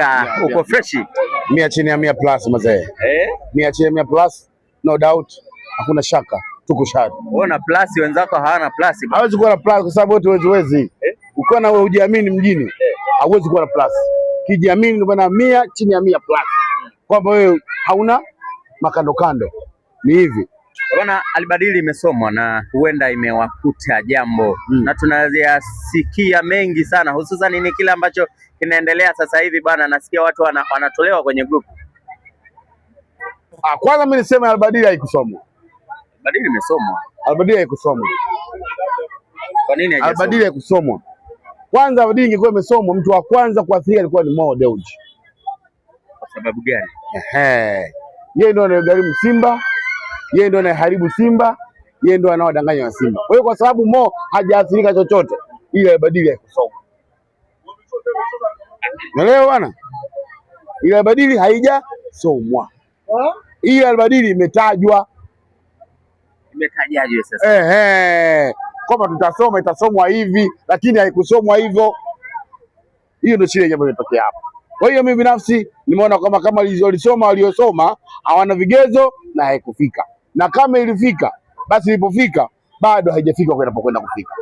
yeah, uko fresh mia chini ya mia plus mazee eh? mia chini ya mia plus no doubt, hakuna shaka tuko shati. Wewe na plus, wenzako hawana plus. Hawezi kuwa na plus kwa sababu wote weziwezi eh? ukiwa na ujiamini mjini hauwezi eh? kuwa na plus. Kijiamini ndio maana mia chini ya mia plus, kwamba wewe hauna kando ni hivi Bwana Albadili imesomwa na huenda imewakuta jambo mm. na tunayasikia mengi sana, hususan ni kile ambacho kinaendelea sasa hivi bwana, nasikia watu wana, wanatolewa kwenye group. Ah, Kwanza mimi niseme Albadili haikusomwa. Albadili imesomwa. Albadili haikusomwa. Kwa nini haijasomwa? Albadili haikusomwa. Kwanza Albadili ingekuwa imesomwa, mtu wa kwanza kuathirika alikuwa ni Mo Dewji. Kwa sababu gani? Ehe, yeye ndio anayegharimu Simba yeye ndo anaharibu Simba, yeye ndo anawadanganya wa Simba. Kwa hiyo kwa sababu Mo hajaathirika chochote, ili aibadili haikusoma, naelewa bwana, ili haija haijasomwa, ili aibadili imetajwa. imetajwa sasa? Ehe, kwamba tutasoma, itasomwa hivi, lakini haikusomwa hivyo. Hiyo ndio shida ambayo imetokea hapa. Kwa hiyo mimi binafsi nimeona kwamba kama walisoma waliosoma hawana vigezo na haikufika na kama ilifika basi ilipofika bado haijafika inapokwenda kufika.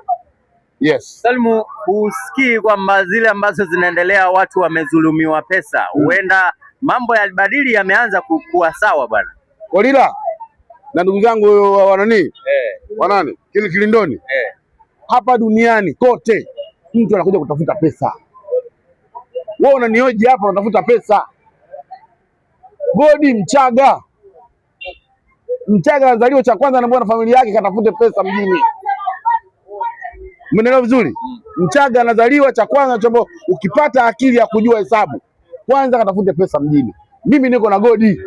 Yes. Salimu, husikii kwamba zile ambazo zinaendelea watu wamezulumiwa pesa, hmm. huenda mambo ya badili yameanza kuwa sawa bwana Kolila na ndugu zangu wanani eh, wanani kili kilindoni eh, hapa duniani kote mtu anakuja kutafuta pesa. Wewe unanioje hapa unatafuta pesa? Godi Mchaga Mchaga anazaliwa cha kwanza anaambiwa na familia yake katafute pesa mjini. Mnaelewa vizuri? Mm. Mchaga anazaliwa cha kwanza chombo, ukipata akili ya kujua hesabu kwanza katafute pesa mjini. Mimi niko na godi.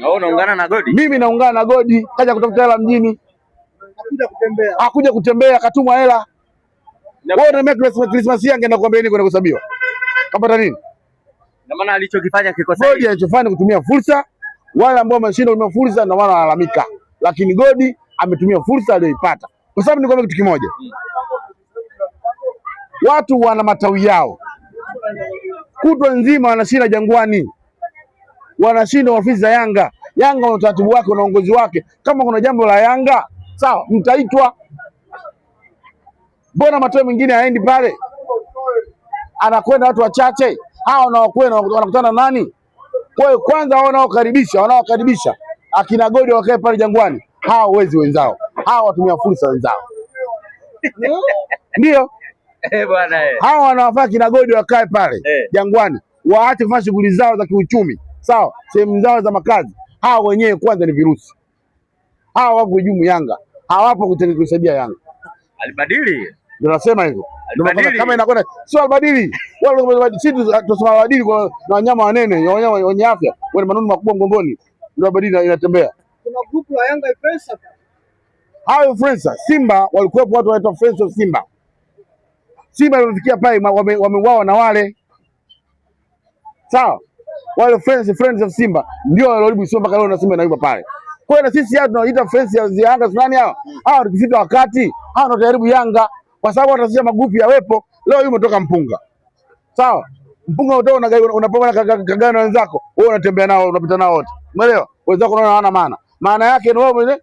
No, naungana na godi. Mimi naungana na godi, kaja kutafuta hela mjini, hakuja kutembea, hakuja kutembea, katumwa hela. Wewe na unaambia Christmas Christmas yangu na kuambia nini kwenda kuhesabiwa? Kapata nini? Na maana alichokifanya kikosa. Godi alichofanya kutumia fursa wale ambao wameshinda kutumia fursa na wale wanalalamika, lakini Godi ametumia fursa aliyoipata, kwa sababu nikwambia kitu kimoja, watu wana matawi yao, kutwa nzima wanashinda Jangwani, wanashinda ofisi za Yanga. Yanga na utaratibu wake, na uongozi wake. Kama kuna jambo la Yanga sawa, mtaitwa. Mbona matawi mengine haendi pale, anakwenda watu wachache hawa, wanaokwenda wanakutana nani? Kwa hiyo kwanza wanaokaribisha wanaokaribisha akina Godi wakae pale Jangwani, hawa wezi wenzao, hawa watumia fursa wenzao ndio eh, eh. hawa wanawafaa kina Godi wakae pale eh. Jangwani, waache kufanya shughuli zao za kiuchumi, sawa, sehemu zao za makazi. Hawa wenyewe kwanza ni virusi, hawa wapo kujumu Yanga, hawapo kusaidia Yanga. Alibadili ndio nasema hivyo, kama inakwenda sio albadili wala sisi tunasema albadili kwa na wanyama wanene, wanyama wenye afya, wale manunu makubwa mgomboni, ndio albadili inatembea. Kuna group la Yanga Influencer, hao influencer Simba walikuwa watu wanaitwa of Simba. Simba walifikia pale wameuawa wame na wale sawa, wale friends friends of Simba ndio waliharibu Simba mpaka leo, na inaiba pale. Kwa hiyo na sisi hapa tunaita friends ya Yanga, sunani hao hao, tukifika wakati hao ndio taribu Yanga kwa sababu watasema magufi yawepo. Leo yeye umetoka Mpunga, sawa? Mpunga utoka una unapambana kagana na wenzako, wewe unatembea nao, unapita nao wote, umeelewa? Wenzako unaona hawana maana, maana yake ni wewe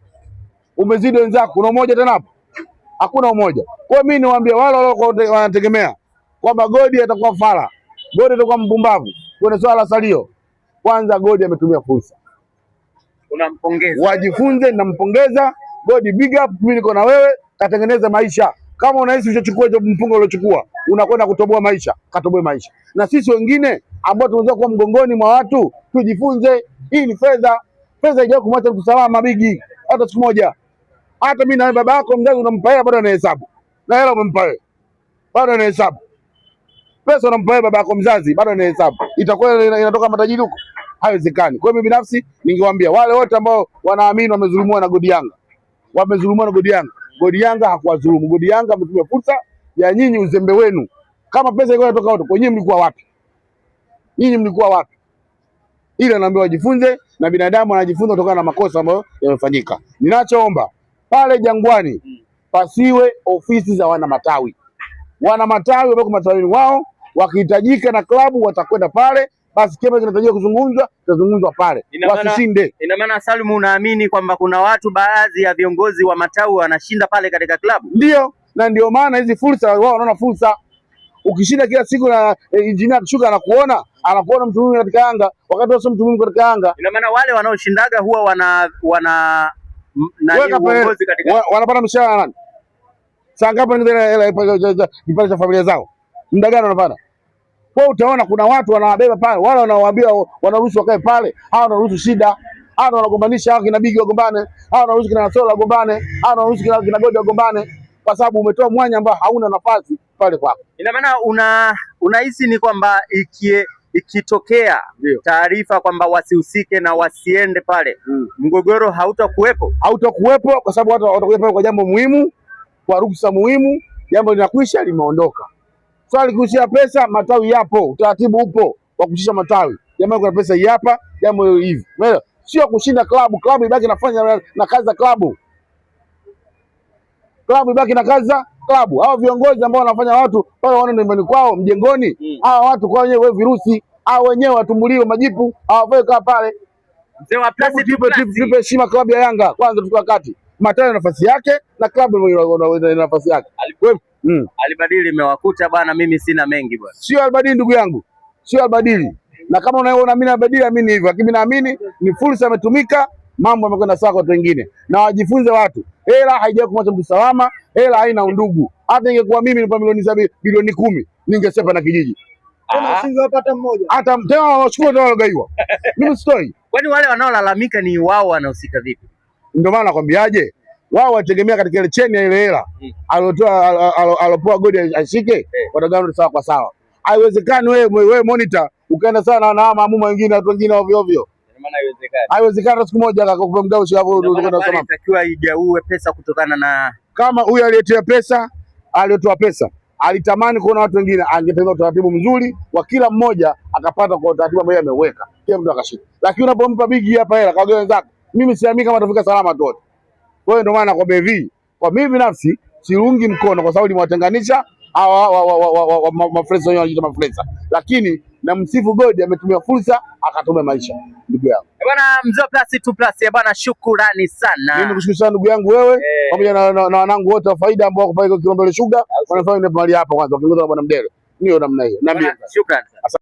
umezidi wenzako. Una umoja tena hapo? Hakuna umoja. Kwa mimi niwaambia wale wale wanategemea kwamba Godi atakuwa fala, Godi atakuwa mpumbavu kwenye swala la salio. Kwanza Godi ametumia fursa, unampongeza, wajifunze. Nampongeza Godi, big up, mimi niko na wewe, katengeneza maisha kama unahisi ushachukua mpunga uliochukua unakwenda kutoboa maisha, katoboe maisha. Na sisi wengine ambao tunaweza kuwa mgongoni mwa watu tujifunze, hii ni fedha. Fedha haijawahi kumwacha mtu salama bigi, hata siku moja. Hata mimi na baba yako mzazi unampa hela, bado anahesabu na hela umempa wewe, bado anahesabu pesa. Unampa wewe baba yako mzazi, bado anahesabu. Itakuwa inatoka matajiri huko? Haiwezekani. Kwa hiyo mimi binafsi ningewaambia wale wote ambao wanaamini wamezulumiwa na Godi Yanga, wamezulumiwa na Godi Yanga Godi Yanga hakuwadhulumu. Godi Yanga ametumia fursa ya nyinyi uzembe wenu. Kama pesa ilikuwa inatoka huko, nyinyi mlikuwa wapi? Nyinyi mlikuwa wapi? Ili anaambiwa wajifunze, na binadamu anajifunza kutokana na makosa ambayo yamefanyika. Ninachoomba pale Jangwani pasiwe ofisi za wana matawi. Wana matawi wamekuwa matawini wao, wakihitajika na klabu watakwenda pale basi kema zinatajia kuzungumzwa zitazungumzwa pale, wasishinde. Ina maana Salum, unaamini kwamba kuna watu baadhi ya viongozi wa matawi wanashinda pale katika klabu? Ndio, na ndio maana hizi fursa wao wanaona fursa. Ukishinda kila siku na e, injinia akishuka anakuona anakuona mtu muhimu katika Yanga, wakati sio mtu muhimu katika Yanga. Ina maana wale wanaoshindaga huwa wana wana uongozi katika wanapata mshahara nani? Saa ngapi wanapata eh, eh, eh, kipande cha familia zao? Muda gani wanapata? Kwa utaona kuna watu wanawabeba pale, wale wanawaambia wanaruhusu wakae pale, hawa wanaruhusu shida, hawa wanagombanisha hawa kina Bigi wagombane, hawa wanaruhusu kina solo wagombane, hawa wanaruhusu kina, kina Godi wagombane, kwa sababu umetoa mwanya ambao hauna nafasi pale kwako. Ina maana una unahisi ni kwamba ikie ikitokea taarifa kwamba wasihusike na wasiende pale mm, mgogoro hautakuwepo, hautakuwepo kwa sababu watu watakuja pale kwa jambo muhimu, kwa ruksa muhimu, jambo linakwisha, limeondoka swali kuhusia pesa, matawi yapo, utaratibu upo wa kushisha matawi. Jamaa kuna pesa hii hapa, jambo hivi. Sio kushinda klabu, klabu ibaki nafanya na, kazi za klabu. Klabu ibaki na kazi za klabu. Hao viongozi ambao wanafanya watu pale waone nyumbani kwao mjengoni, mm. hawa watu kwa wenyewe wewe virusi, hao wenyewe watumbuliwe majipu, hawafai kaa pale. Tupe heshima klabu ya Yanga kwanza, tukiwa kati matawi na nafasi yake na klabu na nafasi yake. Alipu mm. Albadili imewakuta bwana, mimi sina mengi bwana. Sio albadili ndugu yangu, sio albadili, na kama unaona mimi albadili, amini hivyo, lakini naamini ni fursa imetumika, mambo yamekwenda sawa kwa watu wengine, na wajifunze watu, hela haijawahi kumwacha mtu salama, hela haina undugu. Hata ingekuwa mimi nipa milioni za bilioni kumi ningesepa na kijiji hata tena washukuru tena walogaiwa. Mimi sitoi. kwani wale wanaolalamika ni wao wanahusika vipi? Ndio maana nakwambiaje wao wategemea katika ile cheni ya ile hela hmm. alotoa alopoa godi ashike, hmm. watagawana sawa kwa sawa. Haiwezekani wewe wewe monitor ukaenda sana na maamuma wengine, watu wengine ovyo ovyo, haiwezekani hata siku moja akakupa mdau. Inatakiwa igaue pesa kutokana na kama huyu aliyetia pesa aliyetoa pesa alitamani kuona watu wengine, angetengeneza utaratibu mzuri wa kila mmoja akapata kwa utaratibu ambao ameuweka, kila mtu akashika. Lakini unapompa bigi hapa hela kwa wenzako, mimi siamini kama atafika salama tu. Kwa hiyo ndio maana nakwambia hivi, kwa mimi binafsi siungi mkono kwa sababu limewatenganisha hawa mafresa wenyewe wanajiita mafresa, lakini na msifu God ametumia fursa akatumia maisha. Ndugu yangu eh, bwana Mzee Plus tu Plus eh, bwana, shukrani sana. Mimi nikushukuru sana ndugu yangu wewe eh. pamoja na wanangu wote wa faida ambao wako pale Kilombero Sugar wanafanya mahali hapa kwanza wakiongozwa na bwana Mdele, niyo namna hiyo. Naambia shukrani. sana.